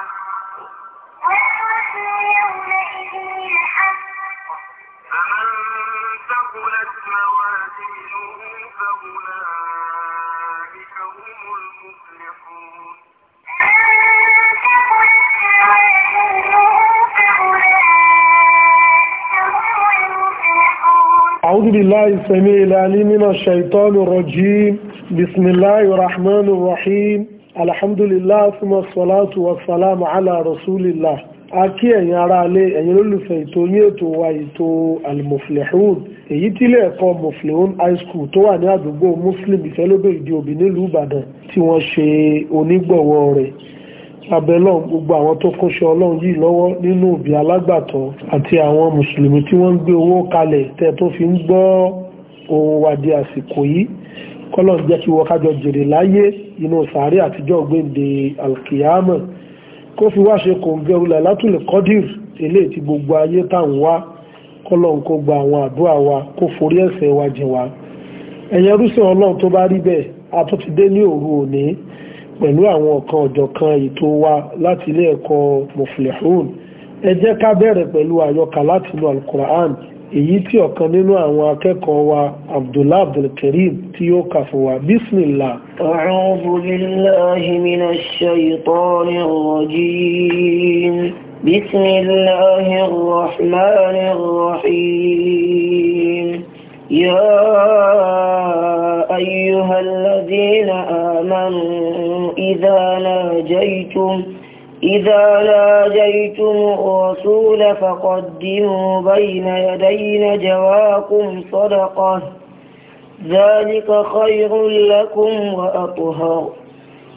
فأولئك هم المفلحون أعوذ بالله السميع العليم من الشيطان الرجيم بسم الله الرحمن الرحيم alhamdulillah fún salatu wa salamu ala rasulillah a kí ẹ̀yin ará alé ẹ̀yin olólùfẹ́ ètò yín ètò wa ètò almuflihun èyí tí ilé ẹ̀kọ́ muflihun high school tó wà ní àdúgbò muslim ìfẹ́lóbẹ̀ ìdí òbí nílùú ìbàdàn tí wọ́n ṣe onígbọ̀wọ́ rẹ̀ abẹ́lọ́n gbogbo àwọn tó kóṣẹ́ ọlọ́run yìí lọ́wọ́ nínú òbí alágbàtọ́ àti àwọn mùsùlùmí tí wọ́n ń gbé owó kalẹ̀ tẹ́ tó fi ń gbọ́ ohun wa àsìkò yìí kọ́lọ̀ jẹ́ kí wọ́n kájọ jèrè láyé inú sàárè àtijọ́ gbéǹde alkiyama kó fi wá ṣe kò ń gẹ ulẹ̀ látùlẹ̀ kọ́dìr eléyìí tí gbogbo ayé tá ń kó gba àwọn àdúrà wa kó forí ẹ̀ṣẹ̀ wa jìn wá ẹ̀yẹn rúṣin ọlọ́run tó bá rí bẹ́ẹ̀ a tún ti dé ní òru òní pẹ̀lú àwọn ọ̀kan ọ̀jọ̀kan ètò wa láti ilé ẹ̀kọ́ muflihun ẹ jẹ́ ká bẹ̀rẹ̀ pẹ̀lú èyí tí ọ̀kan nínú àwọn akẹ́kọ̀ọ́ wa abdullah abdulkareem tí ó kà fún wa bismillah. a'udhu billahi minash shaytanir rajim bismillahir rahmanir rahim ya ayyuhal إذا ناجيتم الرسول فقدموا بين يدي جواكم صدقة ذلك خير لكم وأطهر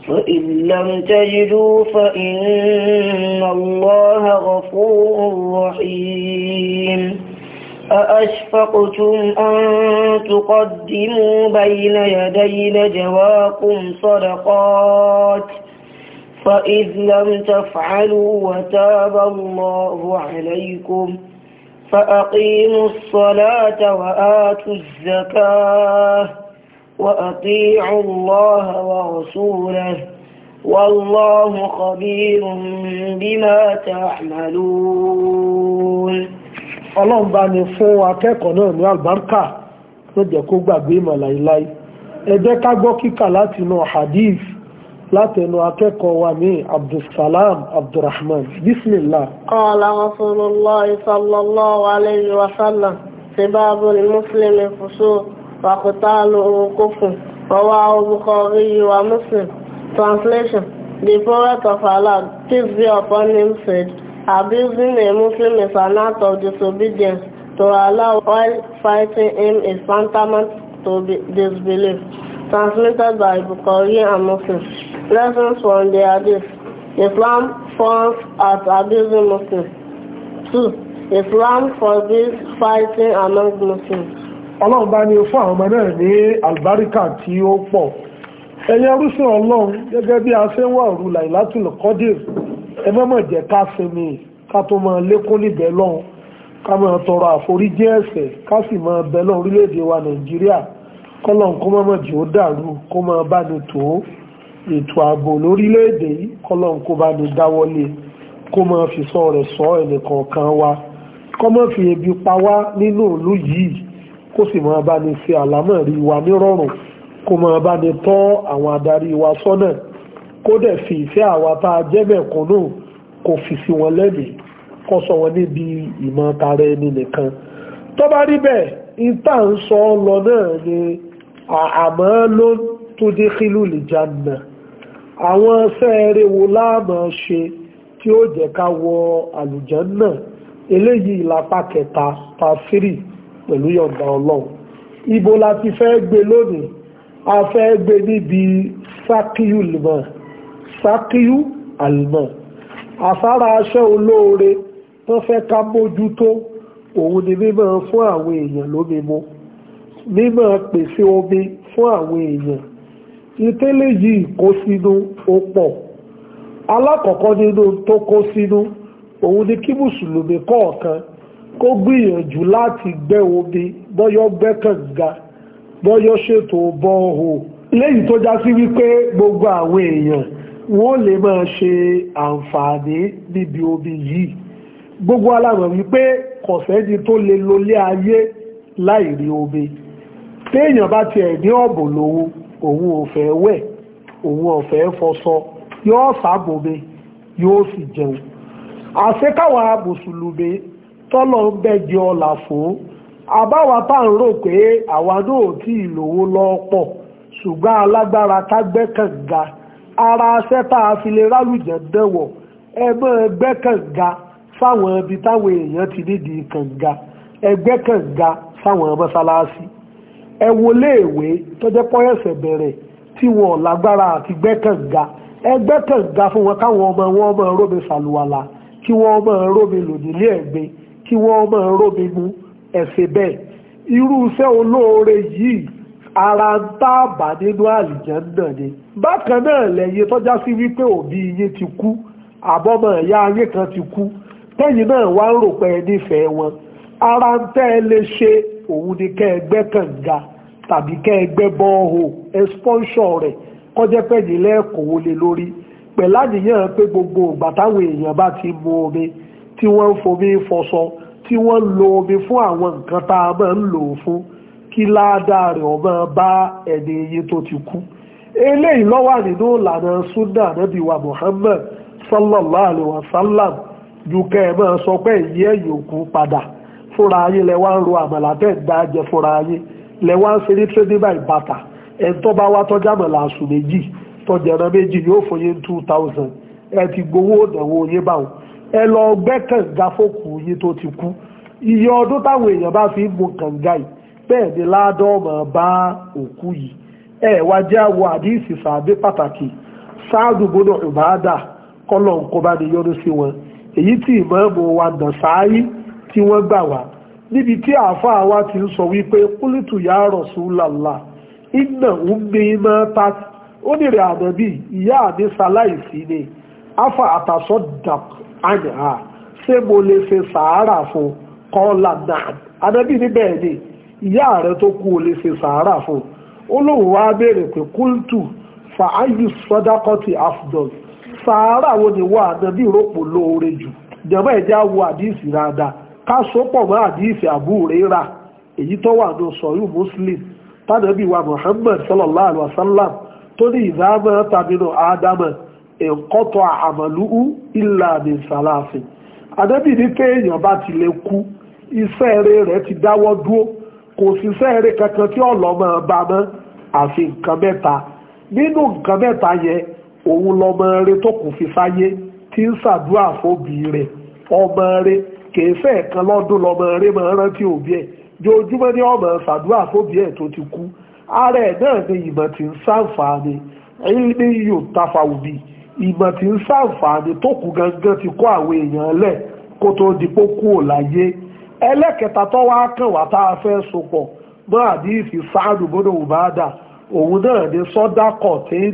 فإن لم تجدوا فإن الله غفور رحيم أأشفقتم أن تقدموا بين يدي جواكم صدقات ؟ فإذ لم تفعلوا وتاب الله عليكم فأقيموا الصلاة وآتوا الزكاة وأطيعوا الله ورسوله والله خبير بما تعملون ọlọ́run bá ní fún akẹ́kọ̀ọ́ náà ní àlùbáríkà ló jẹ́ kó gbàgbé ìmọ̀ láìláì ẹ ká gbọ́ kíkà láti inú hadith látẹnu akẹ́kọ̀ọ́ wa ní abdulsalam abdulrahman bismillah. qala rasulullah sallallahu alayhi wa sallam sibabu muslimi fusuq wa qitaluhu kufrun rawahu bukhari wa muslim translation the prophet of allah peace be upon him said abusing a muslim is an act of disobedience to allah while fighting him is tantamount to disbelief transmitted by bukhari and muslim. Lessons from the Hadith. Islam falls at abusing Muslims. 2. Islam forbids fighting among Muslims. Ọlọ́run bá ní fún àwọn ọmọ náà ní àlùbáríkà tí ó pọ̀. Ẹ̀yin arúsìn Ọlọ́run gẹ́gẹ́ bí a ṣe ń wà òru Lailatul Qadr. Ẹ mọ́mọ́ jẹ́ ká sinmi ká tó máa lékún níbẹ̀ lọ́hùn. Ká máa tọrọ àforíjì ẹ̀ṣẹ̀ ká sì máa bẹ lọ́hùn orílẹ̀-èdè wa Nàìjíríà. Kọ́lọ́n kó mọ́mọ́ jù ó dàrú kó máa bá ní tòó ètò ààbò lórílẹ̀-èdè yìí kọ́lọ́n kó bá lè dáwọ́lé kó máa fi sọ rẹ̀ sọ ẹnìkọ̀ọ̀kan wa kó máa fi ebi pa wá nínú ìlú yìí kó sì máa bá ní ṣe àlámọ̀rí wa nírọ̀rùn kó máa bá ní tọ́ àwọn adarí wa sọ́nà kó dẹ̀ fi ìfẹ́ àwa tá a jẹ́ mẹ̀kúnnù kó fi sí wọn lẹ́mìí kó sọ wọn níbi ìmọ̀ tara ẹni nìkan tó bá rí bẹ́ẹ̀ ìta ń sọ ọ lọ náà ni àmọ́ ló tó dé kílù lè jà náà àwọn fẹ́ẹ̀rẹ̀ wo láàmà ṣe tí ó jẹ́ ká wọ àlùjánnà eléyìí lápá kẹta tafsiri pẹ̀lú yọ̀ǹda ọlọ́run ibo la ti fẹ́ gbé lónìí a fẹ́ gbé níbi sákíyù lùmọ̀ sákíyù àlùmọ̀ àsára aṣẹ́ olóore tó fẹ́ ká mójútó òun ni mímọ̀ fún àwọn èèyàn lómi mu mímọ̀ pèsè omi fún àwọn èèyàn ìpele yìí kó sínú ó pọ̀ alákọ̀ọ́kọ́ nínú tó kó sínú òun ni kí mùsùlùmí kọ̀ọ̀kan kó gbìyànjú láti gbẹ́ omi bọ́yọ́ gbẹ́ kànga bọ́yọ́ ṣètò bọ́ọ̀hù léyìí tó já sí wípé gbogbo àwọn èèyàn wọ́n lè máa ṣe àǹfààní níbi omi yìí gbogbo alámọ̀ wípé kọ̀sẹ́ni tó lè lólé ayé láì rí omi téèyàn bá tiẹ̀ ní ọ̀bùn lówó òun ò fẹ́ wẹ̀ òun ò fẹ́ fọṣọ yóò sábòbe yóò sì jẹun àṣekáwa mùsùlùmí tọ́lọ̀ ń bẹ́jẹ́ ọ̀là fún àbáwa tá à ń rò pé àwa náà tí ìlówó lọ́pọ̀ ṣùgbọ́n alágbára ká gbẹ́kànga ara aṣẹ́ tá a fi lè rálùjẹ́ dẹ̀wọ̀ ẹ máa gbẹ́kànga fáwọn ibi táwọn èèyàn ti nídìí kànga ẹ gbẹ́kànga fáwọn mọ́sálásí ẹ wo léèwé tó jẹ́ pọ́ ẹ̀sẹ̀ bẹ̀rẹ̀ tí wọn lágbára àti gbẹ́kànga ẹ gbẹ́kànga fún wọn káwọn ọmọ wọn ọmọ rómi sàlùwàlà kí wọ́n ọmọ rómi lòdìlé ẹ̀gbin kí wọ́n ọmọ rómi mu ẹ̀sẹ̀ bẹ́ẹ̀ irú iṣẹ́ olóore yìí ara ń tààbà nínú àlìjànnà ni bákan náà lẹ́yìn tọ́já sí wípé òbí yín ti kú àbọ́mọ ìyá yín kan ti kú tẹ́yìn náà wá ń rò pé nífẹ̀ẹ́ wọn ara ń tẹ́ ẹ lè ṣe òun ni kẹ́ ẹ gbẹ́ kànga tàbí kẹ́ ẹ gbẹ́ bọ́ọ̀hò ẹ̀spọ́nṣọ̀ rẹ̀ kọ́jẹ́ pẹ́ ní lẹ́ẹ̀kọ́wó lé lórí pẹ̀lú àníyàn pé gbogbo ìgbà táwọn èèyàn ti mu omi tí wọ́n ń fomi fọṣọ tí wọ́n ń lo omi fún àwọn nǹkan tá a máa ń lò ó fún kí ládàá rẹ̀ ọmọ bá ẹni ti kú eléyìí ló wà ìlànà sunna nabi wa Muhammad sallallahu alayhi wa sallam ju ka máa sọ pé ìyẹ́ fúnra ayé lẹ́wà ń ro àmàlà bẹ́ẹ̀ gbá jẹ fúnra ayé lẹ́wà ń ṣeré trading by bàtà ẹni bá wá tọ́jà àmàlà àṣù méjì tọ́jẹ̀rán méjì yóò fún two thousand ẹ ti gbowó ìdánwò yín báwọn ẹ lọ gbẹ́ kànga fókù yín tó ti kú iye ọdún táwọn èèyàn bá fi ń gun kànga yìí bẹ́ẹ̀ ni ládọ́ọ̀mọ̀ bá òkú yìí ẹ wá jẹ́ àwọ̀ àdíìsì sàbí pàtàkì sáàdù gbọ́dọ̀ ìbáàdà kọ́lọ̀ ń bá ní yọrí sí wọn èyí tí ìmọ̀ ẹ̀mọ́ wa dàn sááyí tí wọ́n gbà wá níbi tí àáfàá wa ti ń sọ wípé kúlìtù rọ̀sù Rasulullah iná ummi matat ó nìrẹ̀ ànábì ìyá mi ṣaláìsí ni afa atasaddaq anha ṣé mo lè ṣe sàárà fún kọ́lá náà ànábì ní ni ìyá rẹ̀ tó kú ò lè ṣe sàárà fún ó lóun wá béèrè pé kúlìtù fàáyù sọdákọ́tì afdol sàárà wo ni wọ́n ànábì rògbò lóore jù jọba ẹ̀já wo àdìsí ká sọ́pọ̀ mọ́ àdífẹ́ Abu Huraira èyí tó wà ní sọ̀rọ̀ Muslim tánàbí wa Muhammad sallallahu alaihi wasallam tó ní ìdámọ́ tàbínú ádámọ̀ ẹ̀kọ́tọ̀ àmàlúú ìlà min salasin adẹ́bì ní pé èèyàn bá ti lè kú iṣẹ́ eré rẹ̀ ti dáwọ́ dúró kò sí iṣẹ́ eré kankan tí ọlọ́mọ bá mọ́ àfi nǹkan mẹ́ta nínú nǹkan mẹ́ta yẹn òun lọmọ eré tó kù fi sáyé tí ń ṣàdúrà fóbi rẹ̀ ọmọ eré kèéfẹ́ kan lọ́dún lọ́mọ eré máa rántí òbí ẹ̀ jojúmọ́ ní ọmọ ṣàdúrà fóbi ẹ̀ tó ti kú ara ẹ̀ náà ni ìmọ̀ tí ń ṣàǹfààní ilé yóò tafa òbí ìmọ̀ tí ń ṣàǹfààní tó kù gangan ti kó àwọn èèyàn lẹ̀ kó tó di pó kú ò láyé ẹlẹ́kẹta tó wá kàn wá tá a fẹ́ sopọ̀ mọ́ àdífi sáàdù gbọ́dọ̀ òbáàdà òun náà ni sọ́dákọ̀ tí ń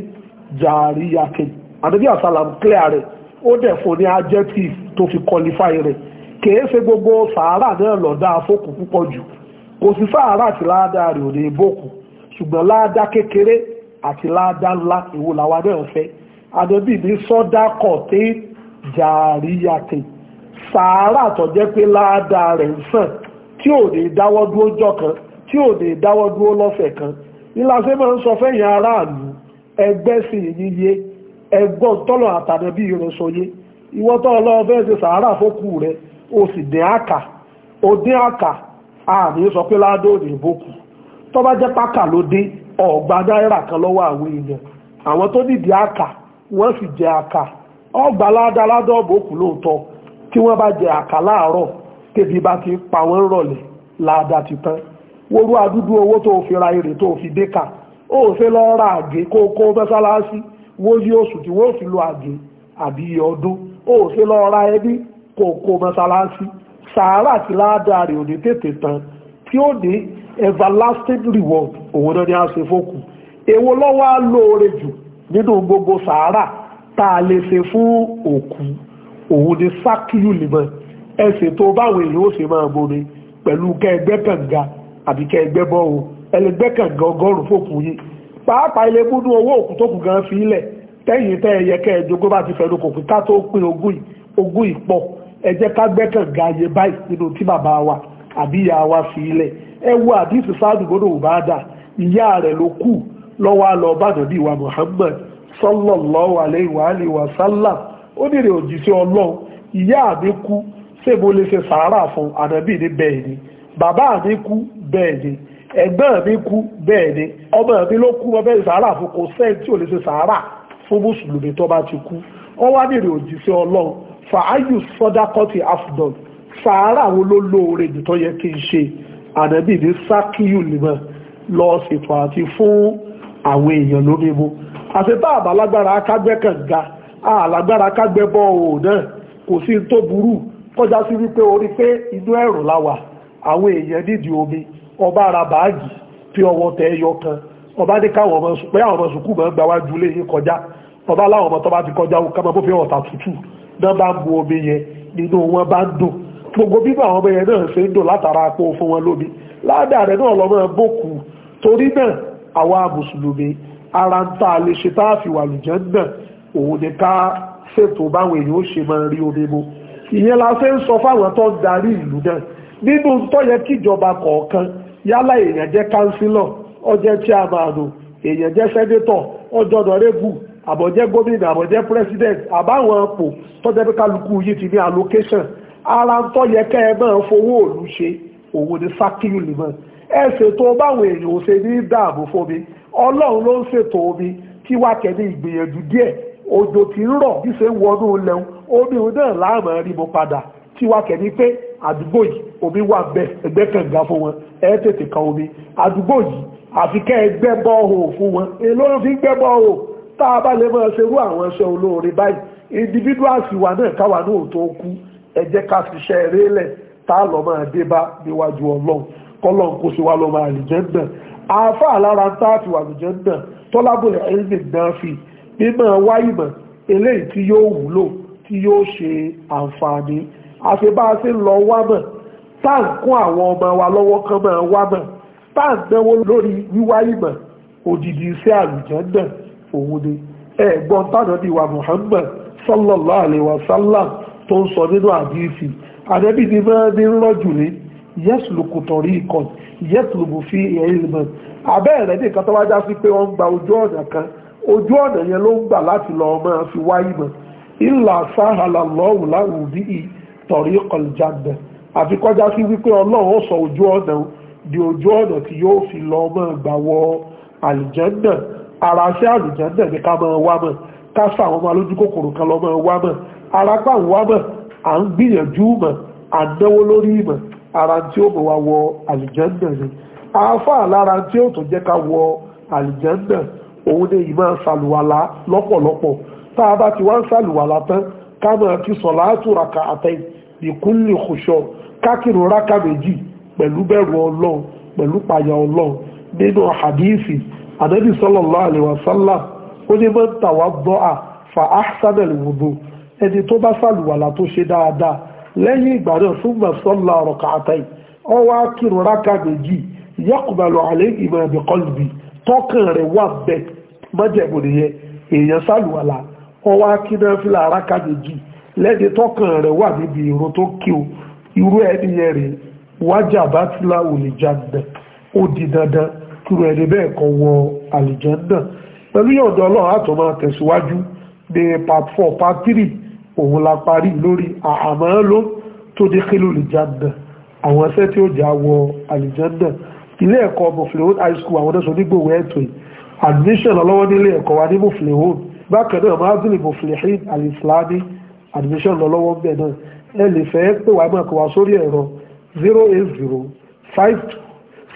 jàrí yàkè àdébí àsálàm clear rẹ̀ ó dẹ̀ fún ní adjective tó fi qualify rẹ̀ kèé ṣe gbogbo sàárà náà lọ́dá afókù púpọ̀ jù kò sí sàárà àti láàdá rẹ̀ ò lè bókù ṣùgbọ́n láàdá kékeré àti láàdá ńlá èwo làwa náà fẹ́ àdọ́bí ní sọ́dá kọ̀tẹ́ jàríyàtẹ̀ sàárà tó jẹ́ pé láàdá rẹ̀ ń sàn tí ò lè dáwọ́ dúró jọ kan tí ò lè dáwọ́ dúró lọ́sẹ̀ kan ìlàsẹ́ máa ń sọ fẹ́yìn aráàlú ẹgbẹ́ sì yíyé ẹgbọ́n tọ́lọ̀ àtàdẹ́bí rẹ̀ sọ yé ìwọ́tọ́ ọlọ́ọ̀fẹ́ ṣe sàárà fókù rẹ̀ o sì dín àkà o dín àkà àmì sọ pé ládó òdìbò kù tó bá jẹ́ pákà ló dín ọ̀gbà náírà kan lọ́wọ́ àwọn èèyàn àwọn tó dìdí àkà wọ́n sì jẹ àkà ọgbà ládá ládá ọ̀bọ̀ òkú lóòótọ́ tí wọ́n bá jẹ àkà láàárọ̀ tẹ́bi bá ti pa wọ́n rọ̀lẹ́ ládá ti tán wóró adúdú owó tó fi ra èrè tó fi dé kà ó fẹ́ lọ ra àgé kó kó mọ́sálásí wọ́n yí oṣù tí wọ́n fi lo àgé àbí ọdún ó fẹ́ lọ ra ẹbí kòkó mọ́sálásí sàárà tí ládàá rẹ̀ ò ní tètè tán tí ó ní everlasting reward òun náà ni a ṣe fókù èwo lọ́wọ́ á lóore jù nínú gbogbo sàárà tá a lè ṣe fún òkú òun ni sákìlù lìmọ̀ ẹsẹ̀ tó báwọn èèyàn ó ṣe máa bomi pẹ̀lú kẹgbẹ́ kànga àbí kẹgbẹ́ bọ́ọ̀ ẹlẹgbẹ́ kànga ọgọ́rùn-ún fòkù yìí pàápàá ilé múnú owó òkú tó kù gan fi ilẹ̀ tẹ́yìn tẹ́ ẹyẹ bá ti fẹ́nu kò ká tó pín ogún yìí ẹ jẹ́ ká gbẹ́kàn ga ayé báyìí nínú tí bàbá wa àbí ìyá wa fi ilẹ̀ ẹ wo àdìsí sáàdù ìyá rẹ̀ ló kù lọ́wọ́ àlọ́ bàdàn wa Muhammad sallallahu alaihi wa alihi wa sallam ó nírè òjíṣẹ́ ọlọ́run ìyá mi kú ṣé mo lè ṣe sàárà fún ànábì ní bẹ́ẹ̀ ni bàbá mi kú bẹ́ẹ̀ ni ẹ̀gbọ́n mi kú bẹ́ẹ̀ ni ọmọ mi ọlọ́run fàáyù sọ́dákọ́tì afdol sàárà wo ló lóore jù tó yẹ kí n ṣe ànábì ní sákìyù lìmọ̀ lọ ṣètò àti fún àwọn èèyàn lómi mu àṣetá àbálágbára akágbẹ́ kànga àlágbára akágbẹ́ bọ́ọ̀ náà kò sí tó burú kọjá sí wípé orí pé inú ẹ̀rùn láwà àwọn èèyàn nídìí omi ọba ara báàgì pé ọwọ́ tẹ ẹyọ kan ọba ní káwọn ọmọ sùkúù máa gbà wájú lé kọjá ọba láwọn ọmọ tó bá ti kọjá ó ká bó fi ọ̀tà tútù náà bá bu omi yẹn nínú wọn bá dùn gbogbo bíbá àwọn ọmọ yẹn náà ṣe ń dùn látara apó fún wọn lómi ládàá rẹ náà lọ́mọ bókù torí náà àwa mùsùlùmí ara ń ta lè ṣe tá a fi wà lùjẹ́ náà òun ni ká ṣètò báwọn èèyàn ó ṣe máa rí omi mu ìyẹn la fẹ́ ń sọ fáwọn tó ń darí ìlú náà nínú tó yẹ kíjọba kọ̀ọ̀kan yálà èèyàn jẹ́ kánsílọ̀ ó chairman èèyàn jẹ́ sẹ́nétọ̀ ọjọ́ dọ̀rẹ́bù àbọ̀jẹ́ gómìnà àbọ̀jẹ́ president àbáwọn pò tọ́jẹ́ pé kálukú yìí ti ní allocation ara ń tọ́ yẹ kẹ́ ẹ náà fowó òlu ṣe òwò ní sákìlì mọ́ ẹ ṣètò báwọn èèyàn ò ṣe ní dààmú fún mi ọlọ́run ló ń ṣètò omi kí wá kẹ́ni ìgbìyànjú díẹ̀ òjò tí ń rọ̀ bí ṣe ń wọnú lẹ́hún omi òun náà láàmú rí mo padà tí wá kẹ́ni pé àdúgbò yìí omi wà bẹ ẹgbẹ́ kànga fún wọn ẹ tètè kan omi àdúgbò yìí àfi kẹ́ ẹ fún wọn èló fi gbẹ́ bọ́ọ̀hò tá a bá lè máa ṣerú àwọn iṣẹ́ olóore báyìí individuals wa náà káwa náà tó kú ẹ jẹ́ ká fi ṣe eré lẹ̀ tá a lọ máa dé bá níwájú ọlọ́run kọ́lọ́n kó sì wá lọ máa lè jẹ́ náà àáfà lára tá a fi wà lè jẹ́ náà tọ́lábòlẹ̀ ẹ̀yìn náà fi mímọ́ wáyìmọ̀ eléyìí tí yóò wúlò tí yóò ṣe àǹfààní àṣebáṣe lọ wámọ̀ tá à ń kún àwọn ọmọ wa lọ́wọ́ kan máa wámọ̀ tá à ń náwó lórí wíwáyìmọ̀ òdìdí iṣẹ́ àlùjẹ́ náà òun ni ẹ̀gbọ́n tánàbí wa Muhammad sallallahu alayhi wa sallam tó ń sọ nínú àdìsí àdẹ́bí ni máa ní rọ́jù ní yẹ́sùlùkù tọ̀rí ikọ̀ fi ilman abẹ́ rẹ̀ nìkan tó wá sí pé wọ́n ń gba ojú ọ̀nà kan ojú ọ̀nà yẹn ló ń gbà láti lọ máa fi wá ìmọ̀ ìlà sáhàlà lọ́wù sọ ojú ọ̀nà di ojú ọ̀nà tí yóò fi lọ ara ṣé àlùjá náà ní ká máa wá mọ̀ ká sọ àwọn ọmọ alójú kòkòrò kan lọ máa wá mọ̀ ara pa ń wá mọ̀ à ń gbìyànjú mọ̀ à ń náwó lórí mọ̀ ara tí ó mọ̀ wá wọ àlùjá náà ni àáfà lára tí ó tó jẹ́ ká wọ àlùjá náà òun ni ìmọ̀ sàlùwàlá lọ́pọ̀lọpọ̀ tá a bá ti wá ń sàlùwàlá tán ká máa fi sọ̀lá àtúràkà àtẹ̀yìn ìkúnlẹ̀ òṣọ́ hadithi ànábì sallallahu alaihi wasallam ó ní bá tawadda'a fa ahsana al-wudu ẹni tó bá sàlùwàlà tó ṣe dáadáa lẹ́yìn ìgbà náà thumma salla rak'atayn ó wá kírun rákà méjì yaqbalu alayhima bi qalbi tọ́kàn rẹ̀ wà bẹ́ẹ̀ mọ́jẹ̀bù nìyẹn èèyàn sàlùwàlà ó wá kí náfìlà rákà méjì lẹ́ni tọ́kàn rẹ̀ kúrò ẹni bẹ́ẹ̀ kan wọ àlìjànnà pẹ̀lú yọ̀ǹda ọlọ́run àtọ̀ máa tẹ̀síwájú ní part four part three òun la parí lórí àmọ́ ló tó dé kí ló lè jáde àwọn ẹsẹ̀ tí ó jà wọ àlìjànnà ilé ẹ̀kọ́ muflehun high school àwọn ọ̀dọ́sọ onígbòwò ẹ̀tọ́ admission lọ́wọ́ nílé ẹ̀kọ́ wa ní muflehun bákan náà mazili muflehin alislami admission lọ́wọ́ bẹ́ẹ̀ náà ẹ lè fẹ́ pè wá mọ̀ kó sórí ẹ̀rọ zero eight zero five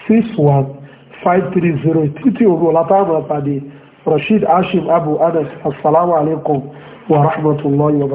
six one five three zero títí òru ọ̀làtàmù àpàdé Rasheed Hashim Abu Anas asalaamu alaykum wa rahmatulahi wa